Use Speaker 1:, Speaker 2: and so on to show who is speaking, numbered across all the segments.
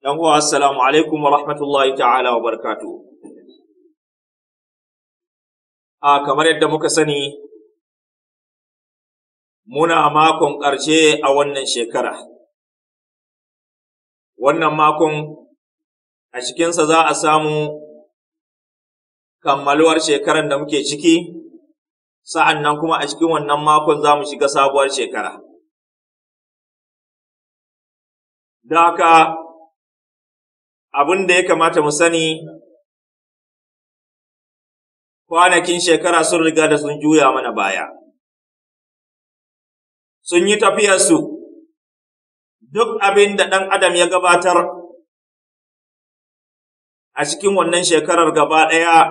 Speaker 1: yan uwa assalamu alaikum wa rahmatullahi ta'ala wa barkatu. a kamar yadda muka sani muna makon ƙarshe a wannan shekara wannan makon a
Speaker 2: cikinsa za a samu kammaluwar shekarar da muke ciki sa'an nan kuma a cikin wannan makon za mu shiga sabuwar shekara
Speaker 1: da haka abin da ya kamata mu sani kwanakin shekara sun riga da sun juya mana baya. Sun yi tafiyar su. duk abin da ɗan adam ya gabatar a cikin wannan shekarar gaba ɗaya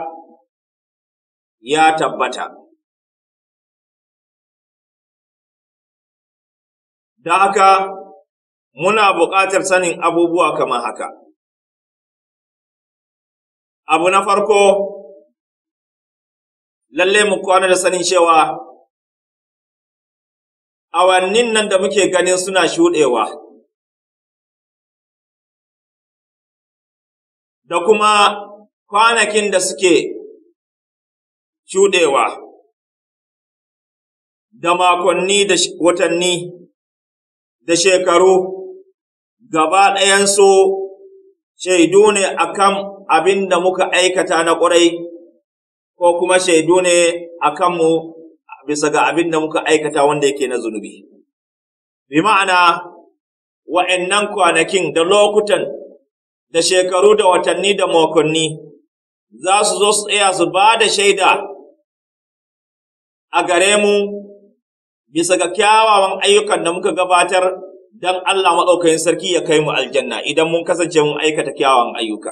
Speaker 1: ya tabbata. Da haka muna buƙatar sanin abubuwa kamar haka. abu na farko lalle mu kwana da sanin cewa awannin nan da muke ganin suna shuɗewa da kuma kwanakin da suke shuɗewa da makonni da watanni
Speaker 2: da shekaru gaba ɗayansu shaidu ne akan abin da muka aikata na ƙwarai ko kuma shaidu ne akan mu bisa ga abin da muka aikata wanda yake na zunubi bi ma'ana wa'annan kwanakin da lokutan da shekaru da watanni da makonni za su zo su tsaya su ba da shaida a gare mu bisa ga kyawawan ayyukan da muka gabatar dan Allah maɗaukakin sarki ya kai mu aljanna idan mun kasance mun aikata kyawawan ayyuka.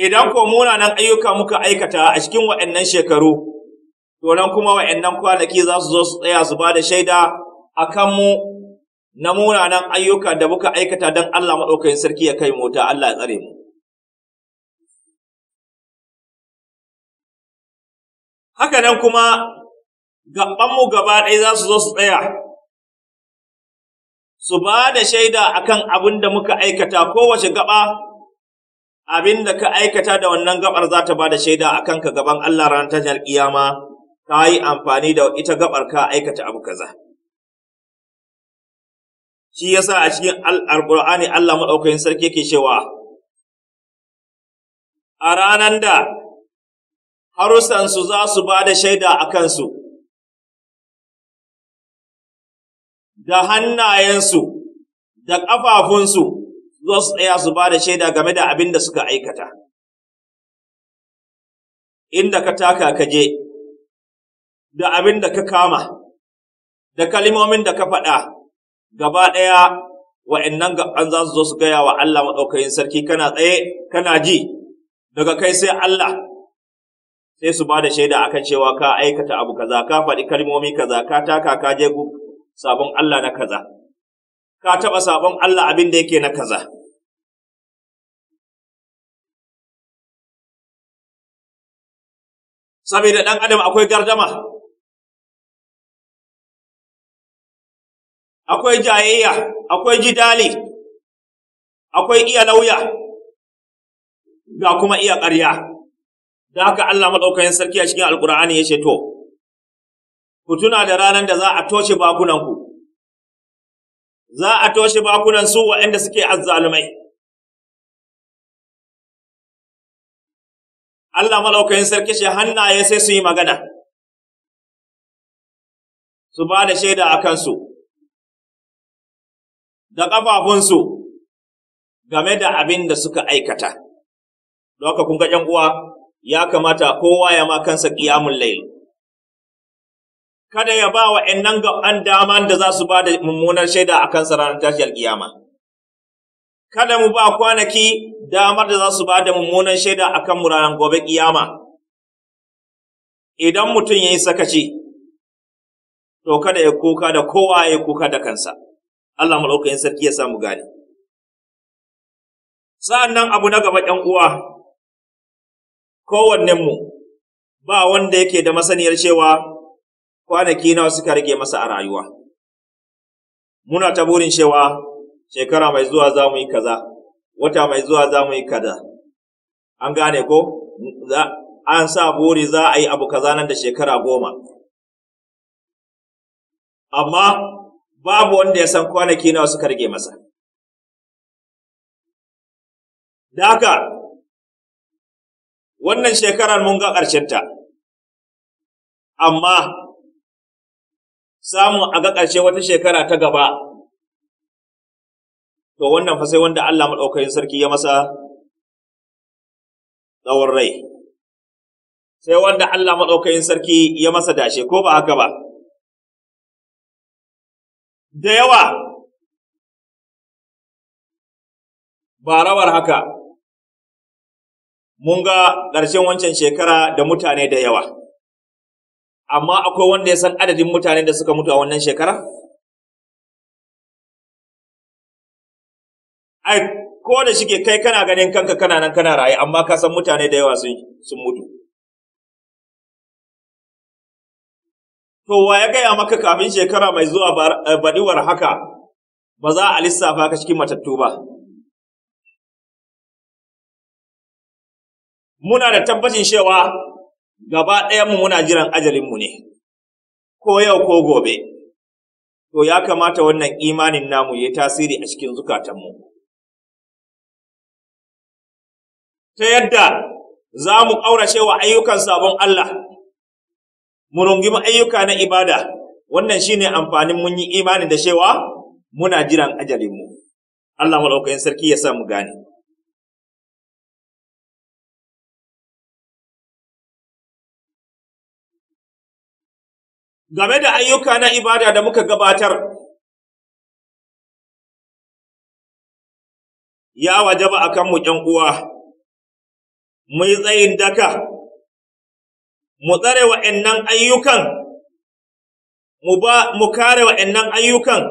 Speaker 2: Idan ko munanan ayyuka muka aikata a cikin wa'annan shekaru, to nan kuma wa'annan kwanaki za su zo su tsaya su ba da shaida akan mu na munanan ayyuka da muka aikata dan Allah maɗaukakin sarki ya kai mu ta Allah ya tsare mu.
Speaker 1: Haka nan kuma mu gaba ɗaya za su zo su
Speaker 2: tsaya su ba da shaida akan abin da muka aikata kowace gaba abin da ka aikata da wannan gabar za ta ba da shaida a kanka gaban Allah ran tashar kiyama ka yi amfani da ita gabar ka aikata abu kaza. Shi yasa a cikin Al'ur'ani Allah maɗaukakin
Speaker 1: sarki yake cewa, A ranar da harusansu za su ba da shaida a kansu, da hannayensu da kafafunsu, za su tsaya su bada da shaida game da abin da suka aikata.
Speaker 2: Inda ka taka ka je, da abin da ka kama, da kalimomin da ka faɗa, gaba ɗaya wa'innan gaban za su zo su gaya wa Allah maɗaukakin sarki kana tsaye, kana ji, daga kai sai Allah. sai su ba da shaida akan cewa ka aikata abu kaza ka faɗi kalmomi kaza ka taka ka je sabon Allah na kaza ka taɓa sabon Allah abin da yake na kaza
Speaker 1: saboda ɗan adam akwai gardama akwai jayayya akwai jidali
Speaker 2: akwai iya lauya ga kuma iya ƙarya da haka Allah maɗaukakin sarki a cikin alƙur'ani ya ce to ku tuna da ranar da za a toshe bakunanku, za a toshe bakunan su waɗanda suke azzalumai.
Speaker 1: Allah malaukayin sarki shi hannaye sai su yi magana, su ba da shaida a kansu, da ƙafafunsu
Speaker 2: game da abin da suka aikata. Don haka kun ga uwa ya kamata kowa ya ma kansa ƙiyamun laili. kada ya ba wa ‘yan an dama da za su ba da mummunar shaida a kansa ranar tashiyar kiyama. Kada mu ba kwanaki damar da za su ba da mummunar shaida a kan ranar gobe kiyama. Idan mutum ya yi sakaci, to kada ya
Speaker 1: kuka da kowa ya kuka da kansa. Allah malaukakin sarki ya samu gane. Sa'an nan abu na gaba ‘yan uwa, kowannenmu
Speaker 2: ba wanda yake da masaniyar cewa kwanaki nawa suka rage masa a rayuwa muna ta burin cewa shekara mai zuwa za mu yi kaza wata mai zuwa za mu yi kaza an gane ko an sa buri za a yi abu kaza nan da shekara goma
Speaker 1: amma babu wanda ya san kwanaki nawa suka rage masa da haka wannan shekarar mun ga ƙarshenta amma samun a ga ƙarshe wata shekara ta gaba to wannan fa sai wanda Allah maɗaukakin sarki ya masa tsawon rai sai wanda Allah maɗaukakin sarki ya masa dashe ko ba haka ba da yawa
Speaker 2: ba rawar haka mun ga ƙarshen wancan shekara da mutane da yawa amma akwai wanda ya san adadin mutanen da suka mutu a wannan
Speaker 1: shekara? Ai, ko da shike kai kana ganin kanka kana nan kana raye, amma ka san mutane da yawa sun mutu. To, wa ya gaya maka kafin shekara mai zuwa eh, baɗiwar haka ba za a lissafa ka cikin matattu ba. Muna da tabbacin cewa
Speaker 2: gaba ɗayanmu muna jiran ajalinmu ne, ko yau ko gobe, to ya kamata wannan imanin namu ya tasiri a cikin zukatanmu.
Speaker 1: Ta yadda za mu ƙaurace wa ayyukan
Speaker 2: sabon Allah, mu rungumi ayyuka na ibada, wannan shine amfanin mun yi imanin da cewa muna jiran ajalinmu. Allah maɗaukakin sarki ya
Speaker 1: sa mu gane. game da ayyuka na ibada da muka gabatar ya wajaba a kanmu uwa mu yi tsayin daka mu tsare wa'annan ayyukan mu
Speaker 2: kare wa'annan ayyukan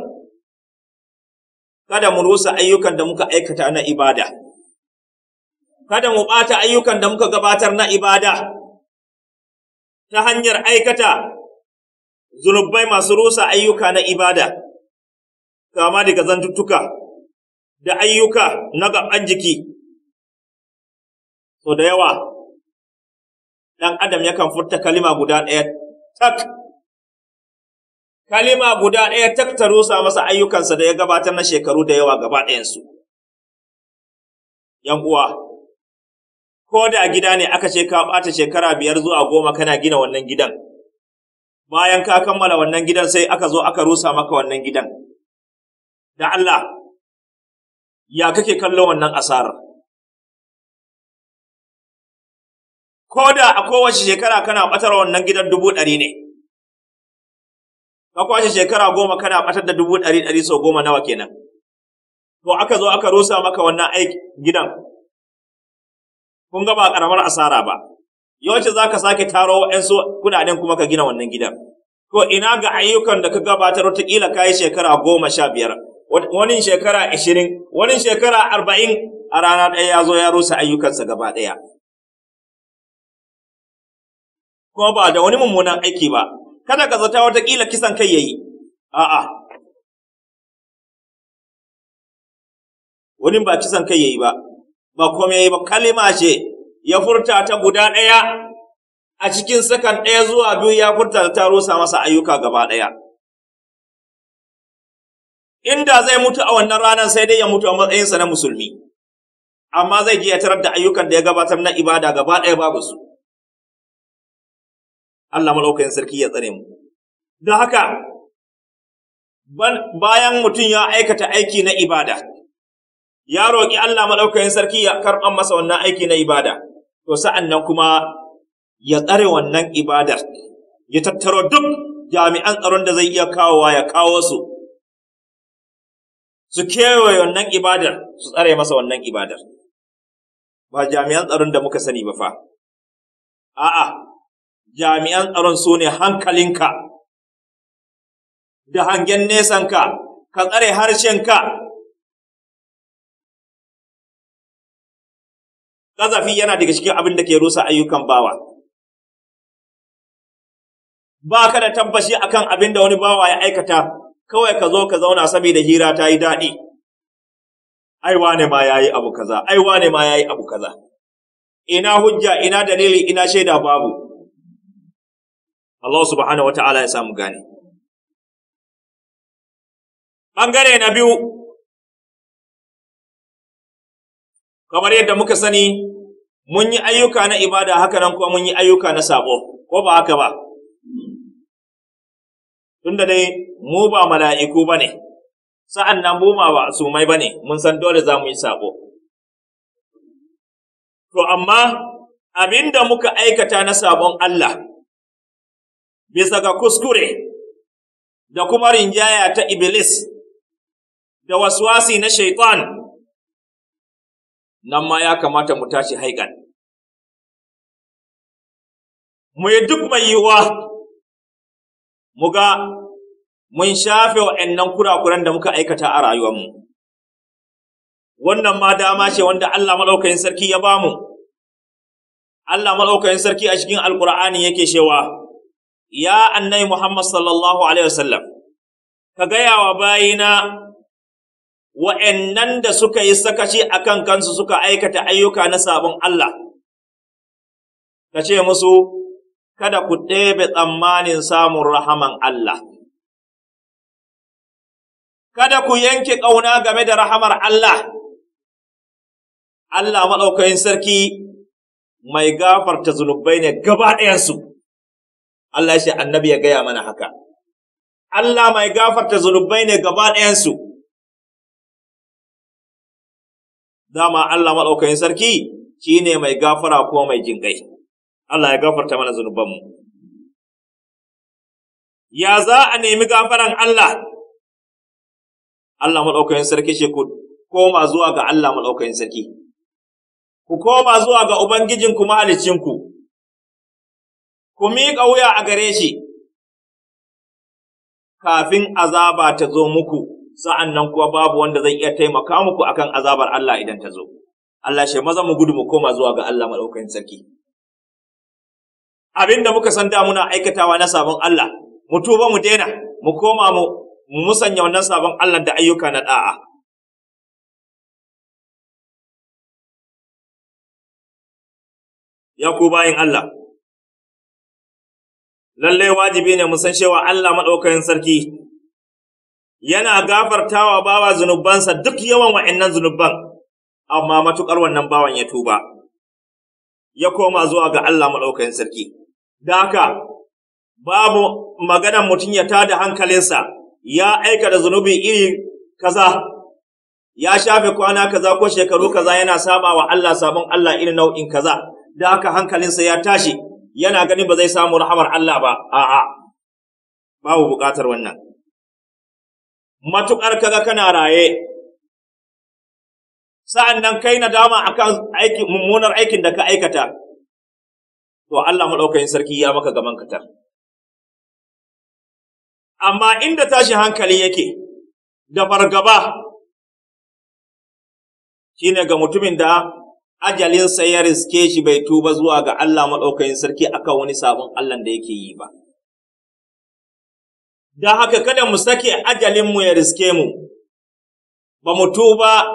Speaker 2: kada mu rusa ayyukan da muka aikata na ibada kada mu ɓata ayyukan da muka gabatar na ibada ta hanyar aikata zunubai masu rusa
Speaker 1: ayyuka na ibada, kama daga zantuttuka da ayyuka na gaban jiki. So da yawa,
Speaker 2: ɗan Adam yakan furta kalima guda ɗaya tak, kalima guda ɗaya tak ta rusa masa ayyukansa da ya gabatar na shekaru da yawa gaba ɗayansu. ‘Yan uwa, ko da gida ne aka ce ka ɓata shekara biyar zuwa goma kana gina wannan gidan. bayan ka kammala wannan gidan sai aka zo aka rusa maka wannan gidan da Allah ya kake
Speaker 1: kallon wannan asarar ko da a
Speaker 2: kowace shekara kana batar wannan gidan dubu ɗari ne ka kwashe shekara goma kana batar da dubu ɗari ɗari sau goma nawa kenan to aka zo aka rusa maka wannan aiki gidan kun ga ba ƙaramar asara ba yawanci za ka sake taro 'yansu kudaden kuma ka gina wannan gidan. Ko ina ga ayyukan da ka gabatar wataƙila ka yi shekara goma sha biyar, wani shekara ashirin, wani shekara arba'in a rana ɗaya ya zo ya rusa ayyukansa gaba ɗaya.
Speaker 1: Kuma ba da wani
Speaker 2: mummunan aiki ba, kada ka zata wataƙila kisan kai ya yi,
Speaker 1: a'a. Wani ba kisan
Speaker 2: kai ya yi ba, ba kome ya yi ba, kalima ce ya furta ta guda ɗaya a cikin sakan ɗaya zuwa biyu ya furta ta sa masa ayyuka gaba ɗaya. Inda zai mutu a wannan ranar sai dai ya mutu a matsayinsa na musulmi, amma zai je ya tarar da ayyukan da ya gabatar na ibada gaba ɗaya babu su.
Speaker 1: Allah malaukakin sarki ya tsare mu. Da haka,
Speaker 2: bayan mutum ya aikata aiki na ibada, ya roƙi Allah maɗaukakin sarki ya karɓar masa wannan aiki na ibada. to sa'an nan kuma ya tsare wannan ibadar ya tattaro duk jami'an tsaron da zai iya kawowa ya kawo su su kewaye wannan ibadar su tsare masa
Speaker 1: wannan ibadar ba jami'an tsaron da muka sani ba fa a'a jami'an tsaron su ne hankalinka da hangen nesanka ka tsare harshenka ƙazafi yana daga cikin abin da ke rusa ayyukan bawa ba ka da tabbashi akan abin da wani bawa ya aikata
Speaker 2: kawai ka zo ka zauna saboda hira ta yi daɗi ai wane ma yayi abu kaza ai wane ma yayi abu kaza ina hujja ina dalili ina shaida babu Allah subhanahu wataala ya samu gane
Speaker 1: Ɓangare na biyu
Speaker 2: kamar yadda muka sani mun yi ayyuka na ibada haka nan kuma mun yi ayyuka na sabo ko ba haka ba tunda dai mu ba mala'iku ba ne sa'an nan mu ba sumai ba ne mun san dole za mu yi sabo to amma abin da muka aikata na
Speaker 1: sabon Allah bisa ga kuskure da kuma rinjaya ta iblis da waswasi na shaitan nan ma ya kamata mu tashi haikan. Mu yi duk mai yiwuwa, mu ga mun
Speaker 2: shafe wa'annan kurakuran da muka aikata a rayuwar mu. Wannan ma dama ce wanda Allah maɗaukakin sarki ya bamu. Allah maɗaukakin sarki a cikin Alƙur'ani yake shewa, Ya annai Muhammad sallallahu Alaihi wasallam, ka gaya wa bayina wa'annan da suka yi sakaci a kan kansu suka aikata ayyuka na sabon Allah, ka ce musu, Kada ku ɗebe tsammanin samun rahaman Allah, kada ku yanke ƙauna game da rahamar Allah, Allah maɗaukakin sarki mai gafarta zunubai ne gaba ɗayansu, Allah shi annabi ya gaya mana haka. Allah mai
Speaker 1: gafarta zunubai ne gaba ɗayansu.
Speaker 2: dama Allah maɗaukakin sarki shine mai gafara ko mai jingai. Allah ya gafarta mana zunubanmu ya za a nemi gafaran Allah Allah maɗaukakin sarki shi ku koma zuwa ga Allah maɗaukakin sarki ku koma zuwa ga Ubangijinku mahalicinku ku miƙa wuya a gare shi kafin azaba ta zo muku sa'an nan kuwa babu wanda zai iya taimaka muku akan azabar Allah idan ta zo. Allah shi maza mu gudu mu koma zuwa ga Allah maɗaukakin sarki. Abin da muka san da muna aikatawa na sabon Allah, mu tuba mu daina, mu koma mu musanya wannan sabon Allah da ayyuka na ɗa'a.
Speaker 1: Ya ku bayin Allah,
Speaker 2: lallai wajibi ne mu san cewa Allah maɗaukakin sarki yana gafartawa bawa zunubansa duk yawan wa'annan zunuban amma matukar wannan bawan ya tuba ya koma zuwa ga Allah maɗaukakin sarki da haka babu maganar mutum ya tada hankalinsa ya aika da zunubi iri kaza ya shafe kwana kaza ko shekaru kaza yana saba wa Allah sabon Allah irin nau'in kaza da haka hankalinsa ya tashi yana ganin ba zai samu rahamar Allah ba a'a babu buƙatar wannan
Speaker 1: matuƙar kaga kana raye sa'an nan kai nadama akan aikin mummunar aikin da ka aikata to Allah maɗaukakin sarki ya maka gaman tar. amma inda tashi
Speaker 2: hankali yake da fargaba shine ga mutumin da ajalinsa ya riske shi bai tuba zuwa ga Allah maɗaukakin sarki akan wani sabon Allah da yake yi ba Da haka kada mu sake ajalinmu ya riske mu, ba mu tuba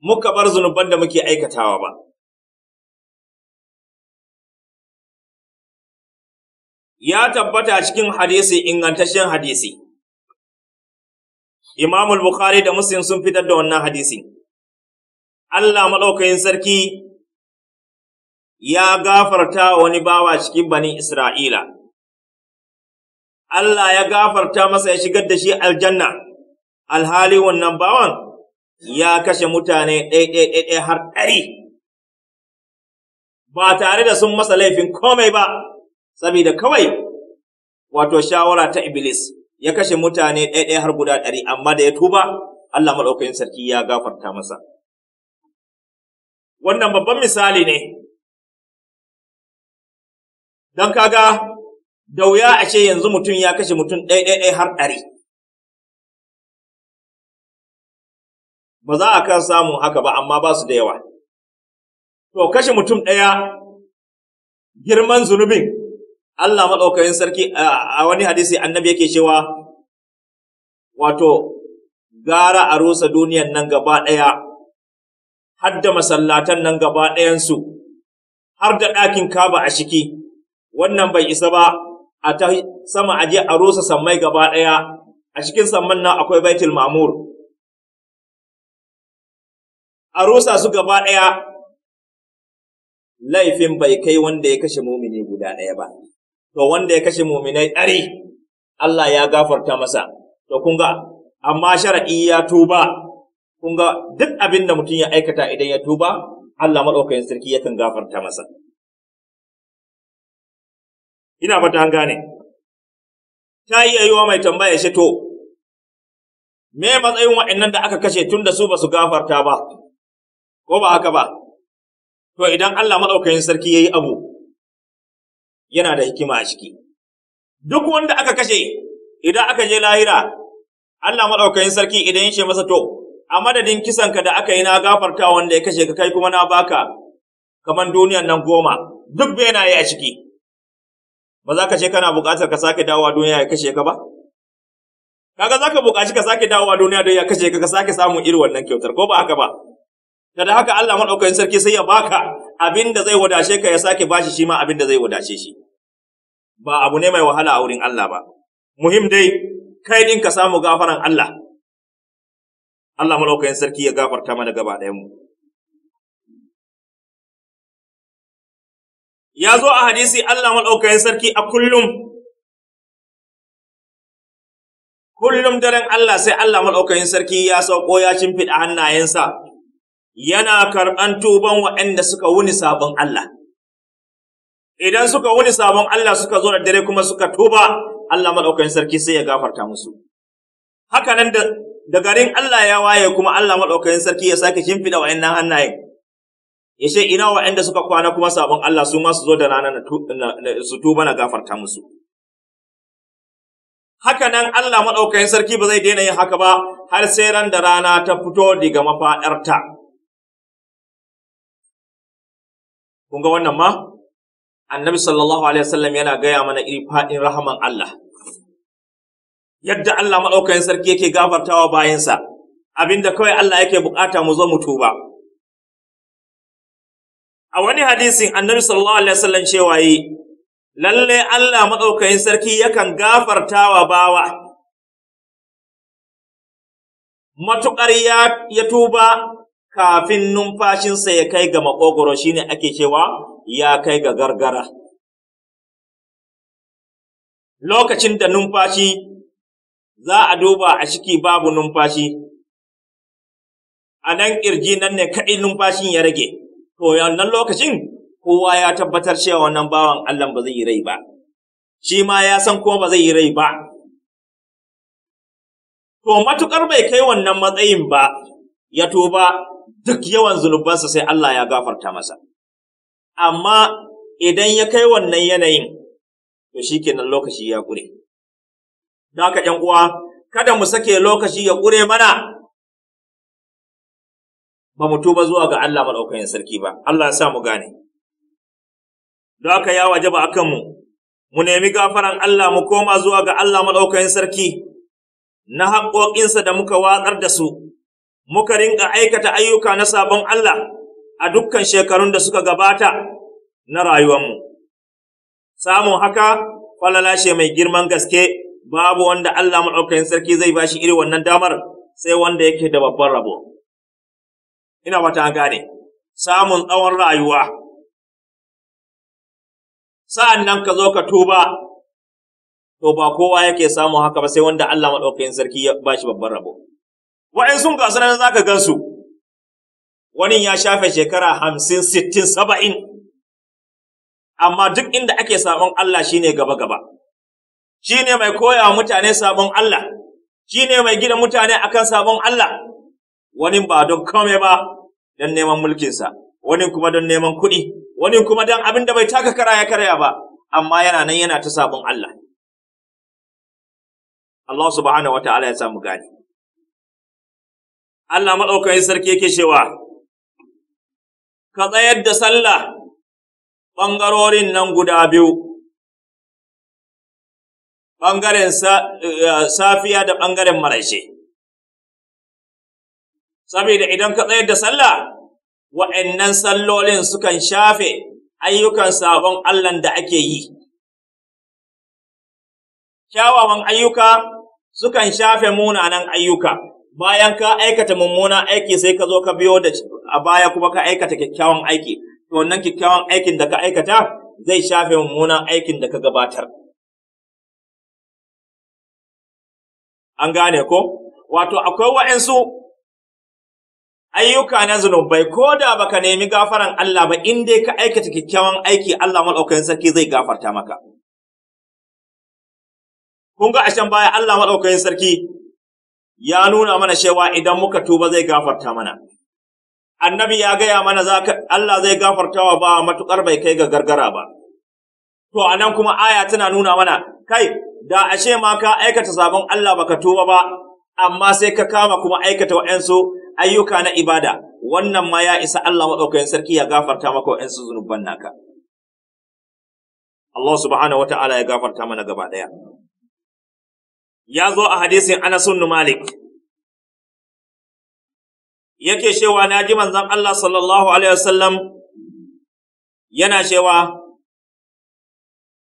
Speaker 2: muka bar zunuban
Speaker 1: da muke aikatawa ba. Ya tabbata cikin hadisi ingantaccen hadisi,
Speaker 2: Imamul Bukhari da Muslim sun fitar da wannan hadisi. Allah maɗaukakin sarki ya gafarta wani bawa cikin bani Isra'ila. Allah ya gafarta masa ya shigar da shi aljanna, alhali wannan bawan ya kashe mutane ɗaiɗaiɗaiɗai har ɗari, ba tare da sun masa laifin komai ba, saboda kawai wato shawara ta Iblis ya kashe mutane ɗaiɗai har guda ɗari, amma da ya tuba, Allah maɗaukakin sarki ya gafarta masa.
Speaker 1: Wannan babban misali ne, Dan kaga da wuya a ce yanzu mutum ya kashe mutum ɗaya har ɗari. Ba za a kan samu haka ba, amma ba su da yawa. To, kashe mutum ɗaya girman zunubin,
Speaker 2: Allah maɗaukakin sarki a wani hadisi annabi yake cewa, wato, gara a rusa duniyan nan gaba ɗaya, har da masallatan nan gaba ɗayansu, har da ɗakin kaba a shiki, wannan bai isa ba a ta sama aje a rusa sammai gaba ɗaya a cikin samman nan akwai baitul mamur a rusa su gaba ɗaya laifin bai kai wanda ya kashe mumini guda ɗaya ba to wanda ya kashe muminai ɗari Allah ya gafarta masa to kun ga amma shara'i ya tuba kun ga duk abin da mutum ya aikata idan ya tuba Allah maɗaukakin sarki yakan gafarta masa
Speaker 1: ina fata an gane ta yi yiwa mai tambaya shi to me matsayin wa'annan da aka kashe tun da su ba su gafarta ba ko
Speaker 2: ba haka ba to idan Allah madaukakin sarki ya abu yana da hikima a ciki duk wanda aka kashe idan aka je lahira Allah madaukakin sarki idan ya masa to a madadin kisan ka da aka yi na gafarta wanda ya kashe ka kai kuma na baka kamar duniyan nan goma duk bai na yi a ciki ba za ka ce kana buƙatar ka sake dawowa duniya ya kashe ka ba kaga za ka buƙaci ka sake dawowa duniya don ya kashe ka ka sake samun irin wannan kyautar ko ba haka ba da da haka Allah maɗaukacin sarki sai ya baka abin da zai wadace ka ya sake bashi shi ma abin da zai wadace shi ba abu ne mai wahala a wurin Allah ba muhim dai kai din ka samu gafaran Allah Allah maɗaukacin sarki ya gafarta mana gaba ɗayan mu
Speaker 1: ya zo a hadisi Allah maɗaukakin sarki a kullum kullum daren
Speaker 2: Allah sai Allah maɗaukakin sarki ya sauko ya shimfiɗa hannayensa yana karɓan tuban waɗanda suka wuni sabon Allah idan suka wuni sabon Allah suka zo da dare kuma suka tuba Allah maɗaukakin sarki sai ya gafarta musu haka nan da garin Allah ya waye kuma Allah maɗaukakin sarki ya sake shimfiɗa waɗannan hannayen yace ina waɗanda suka kwana kuma sabon Allah su ma su zo da rana su tuba na gafarta musu haka nan Allah maɗaukakin sarki ba zai daina yin haka ba har sai ran da rana ta fito daga mafaɗarta
Speaker 1: kun ga wannan ma annabi sallallahu alaihi wasallam
Speaker 2: yana gaya mana iri faɗin rahaman Allah yadda Allah maɗaukakin sarki yake gafartawa bayansa abinda kawai Allah yake bukata mu zo mu tuba a wani hadisin annabi sallallahu alaihi wasallam cewa yi lalle Allah madaukakin sarki yakan gafarta wa bawa matukar ya, tuba kafin numfashinsa ya kai ga makogoro shine ake cewa ya kai ga gargara
Speaker 1: lokacin da numfashi za a duba
Speaker 2: a ciki babu numfashi a nan ƙirji nan ne kaɗai numfashin ya rage to wannan lokacin kowa ya tabbatar cewa wannan bawan Allah ba zai yi rai ba, shi ma ya san ko ba zai yi rai ba. To matuƙar bai kai wannan matsayin ba, ya tuba duk yawan zunubansa sai Allah ya gafarta masa. Amma idan ya kai wannan yanayin, to shi kenan lokaci ya ƙure. Da haka uwa, kada mu
Speaker 1: sake lokaci ya ƙure mana, ba mu tuba zuwa ga Allah
Speaker 2: maɗaukakin sarki ba Allah ya sa mu gane don haka ya wajaba akan mu mu nemi gafaran Allah mu koma zuwa ga Allah maɗaukakin sarki na haƙoƙinsa da muka watsar da su muka rinka aikata ayyuka na sabon Allah a dukkan shekarun da suka gabata na rayuwar mu. samun haka falalashe mai girman gaske babu wanda Allah maɗaukakin sarki zai bashi irin wannan damar sai wanda yake da babban rabo. ina fata gane
Speaker 1: samun tsawon rayuwa sa'an nan ka
Speaker 2: zo ka tuba to ba kowa yake samu haka ba sai wanda Allah maɗaukakin sarki ya ba shi babban rabo. Wa'in sun gasu nan za ka gansu, wani ya shafe shekara hamsin, sittin, saba'in, amma duk inda ake sabon Allah shine gaba-gaba, shi mai koya mutane sabon Allah, shine mai gina mutane akan sabon Allah, wani ba don kome ba, don neman mulkinsa, wani kuma don neman kuɗi, wani kuma don abin da bai taka kara ya karya ba, amma yana nan yana ta sabon Allah. Allah subhanahu wa ta'ala ya samu
Speaker 1: gani. Allah maɗaukakin sarki yake cewa, Ka tsayar da sallah ɓangarorin nan guda biyu, ɓangaren eh, safiya da ɓangaren
Speaker 2: marashe. saboda idan ka tsayar da sallah wa'annan sallolin sukan shafe ayyukan sabon Allah da ake yi kyawawan ayyuka sukan shafe munanan ayyuka bayan ka aikata mummunan aiki sai ka zo ka biyo da a baya kuma ka aikata kyakkyawan aiki to wannan kyakkyawan aikin da ka aikata zai shafe mummunan aikin
Speaker 1: da ka gabatar an gane
Speaker 2: ko wato akwai wa'ansu ayyuka na zunubai ko da baka nemi gafaran Allah ba in dai ka aikata kyakkyawan aiki Allah madaukakin sarki zai gafarta maka kun ga ashen baya Allah madaukakin sarki ya nuna mana cewa idan muka tuba zai gafarta mana annabi ya gaya mana Allah zai gafarta wa ba matukar bai kai ga gargara ba to anan kuma aya tana nuna mana kai da ashe ma ka aikata sabon Allah baka tuba ba amma sai ka kama kuma aikata wa'ansu ayyuka na ibada wannan ma ya isa Allah maɗaukakin sarki ya gafarta maka wa'ansu zunuban naka Allah subhanahu wata'ala ya gafarta mana gaba ɗaya ya zo a hadisin Anas ibn
Speaker 1: Malik yake cewa na ji manzon Allah sallallahu alaihi wasallam yana cewa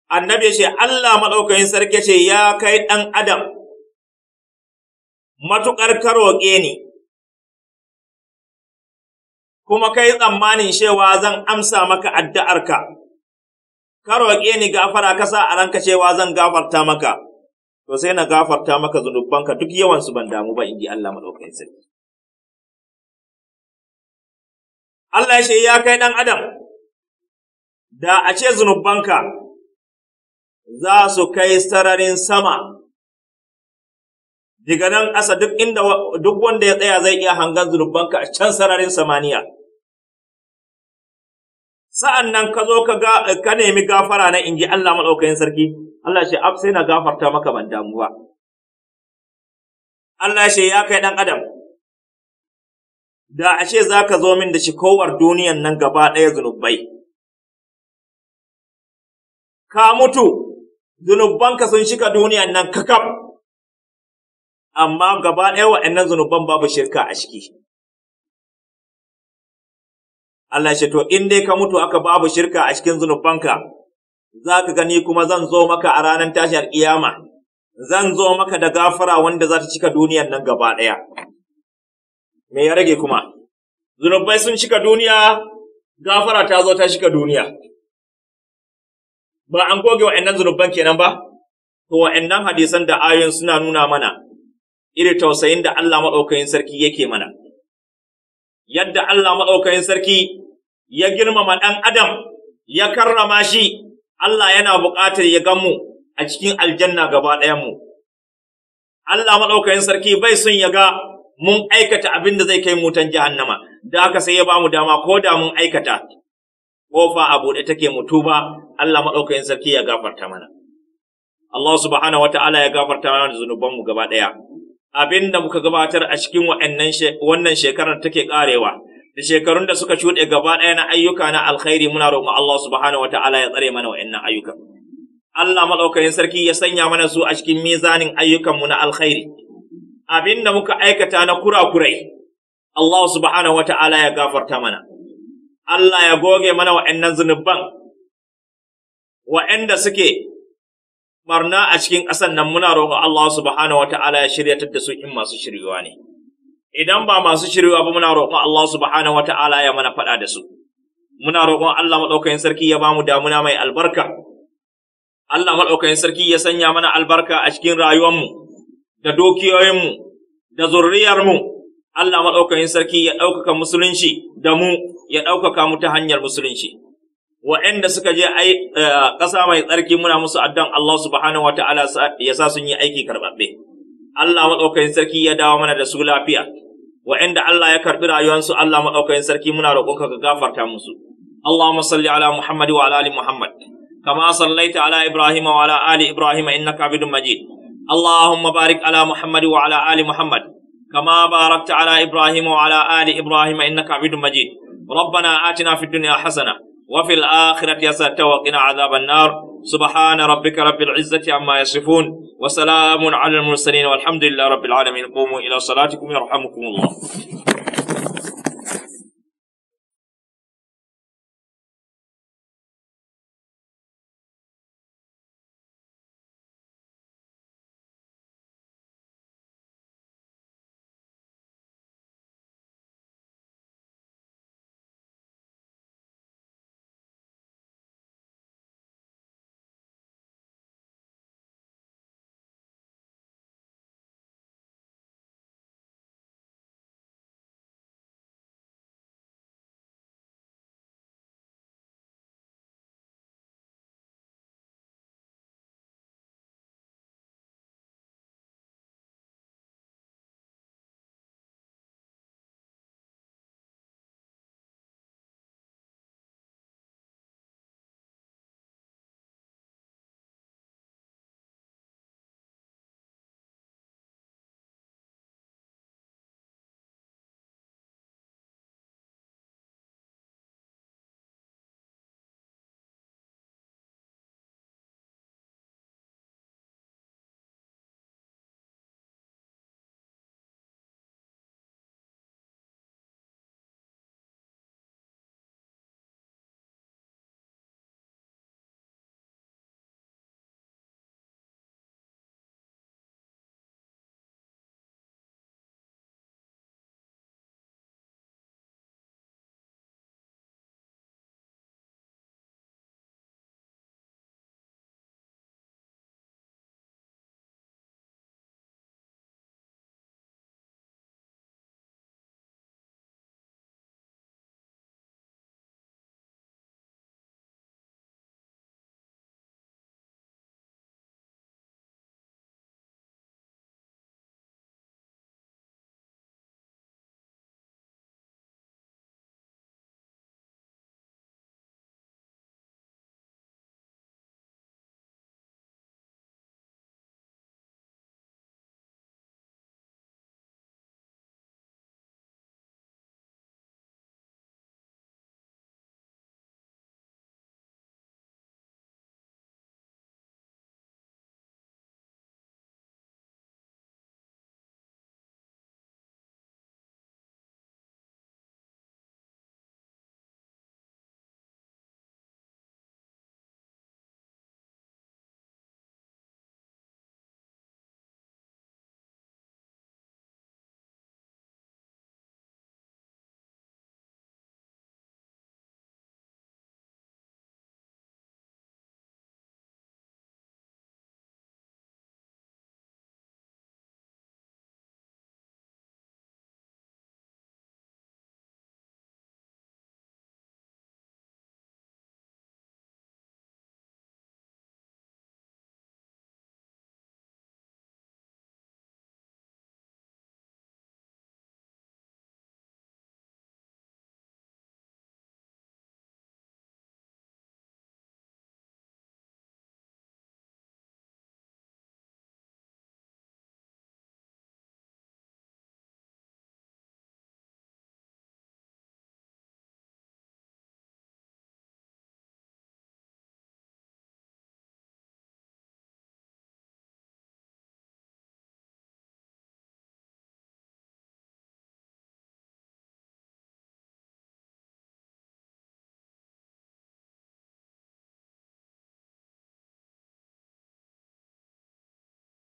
Speaker 1: annabi ce Allah maɗaukakin sarki ce ya kai ɗan adam matuƙar ka roƙe ni kuma kai
Speaker 2: tsammanin cewa zan amsa maka addu'arka, ka roƙe ni gafara ka a ranka cewa zan gafarta maka, to sai na gafarta maka zunubanka duk yawansu
Speaker 1: ban damu ba in ji Allah maɗaukakin sarki. Allah ya ya kai ɗan Adam, da a ce zunubanka
Speaker 2: za su kai sararin sama, daga nan ƙasa duk inda duk wanda ya tsaya zai iya hangan zunubanka a can sararin samaniya. sa'an nan ka zo ka nemi gafara na inji Allah
Speaker 1: maɗaukakin sarki, Allah shi ab sai na gafarta maka ban damuwa. Allah shi ya kai ɗan adam, da ashe za ka zo min da shi kowar duniyan nan gaba ɗaya zunubai. Ka mutu, zunubanka sun shika duniyan nan kakaf, amma
Speaker 2: gaba ɗaya wa'annan zunuban babu shirka a ciki. Allah ya ce to in dai ka mutu aka babu shirka a cikin zunubanka za ka gani kuma zan zo maka a ranar tashar kiyama zan zo maka da gafara wanda za ta cika duniyar nan gaba ɗaya me ya rage kuma zunubai sun cika duniya gafara ta zo ta cika duniya ba an goge wa'annan zunuban kenan ba to wa'annan hadisan da ayoyin suna nuna mana iri tausayin da Allah maɗaukakin sarki yake mana yadda Allah maɗaukakin sarki ya girmama ɗan adam ya karrama shi Allah yana buƙatar ya gan mu a cikin aljanna gaba ɗayan mu Allah maɗaukakin sarki bai son ya ga mun aikata abin da zai kai mutan jahannama da aka sai ya ba mu dama ko da mun aikata kofa a buɗe take mu tuba Allah maɗaukakin sarki ya gafarta mana Allah subhanahu wata'ala ya gafarta mana zunubanmu gaba ɗaya abin da muka gabatar a cikin wannan shekarar take ƙarewa da shekarun da suka shuɗe gaba ɗaya na ayyuka na alkhairi muna roƙon Allah subhanahu wa ta'ala ya tsare mana wa'annan ayyuka. Allah maɗaukakin sarki ya sanya mana su a cikin mizanin ayyukanmu na alkhairi. Abin da muka aikata na kurakurai, Allah subhanahu wa ta'ala ya gafarta mana. Allah ya goge mana wa'annan zunubban, wa'anda suke barna a cikin ƙasan nan muna roƙon Allah subhanahu wa ta'ala ya shiryatar da su in masu shiryuwa ne. idan ba masu shiriwa ba muna roƙon Allah subhanahu wata'ala ya mana faɗa da su muna roƙon Allah maɗaukakin sarki ya bamu damuna mai albarka Allah maɗaukakin sarki ya sanya mana albarka a cikin rayuwarmu da mu, da mu. Allah maɗaukakin sarki ya ɗaukaka musulunci da mu ya ɗaukaka mu ta hanyar musulunci Waɗanda suka je eh, ƙasa mai tsarki muna musu addan Allah subhanahu wata'ala ya sa sun yi aiki karɓaɓɓe Allah maɗaukakin sarki ya dawo mana da su lafiya wa'anda Allah ya karbi rayuwarsu Allah madaukakin sarki muna roƙonka ka gafarta musu Allahumma salli ala Muhammad wa ala ali Muhammad kama sallaita ala Ibrahim wa ala ali Ibrahim innaka Hamidum Majid Allahumma barik ala Muhammad wa ala ali Muhammad kama barakta ala Ibrahim wa ala ali Ibrahim innaka Hamidum Majid ربنا آتنا في الدنيا حسنة وفي الآخرة حسنة وقنا عذاب النار سبحان ربك رب العزة عما يصفون وسلام على المرسلين والحمد لله رب العالمين قوموا إلى صلاتكم يرحمكم الله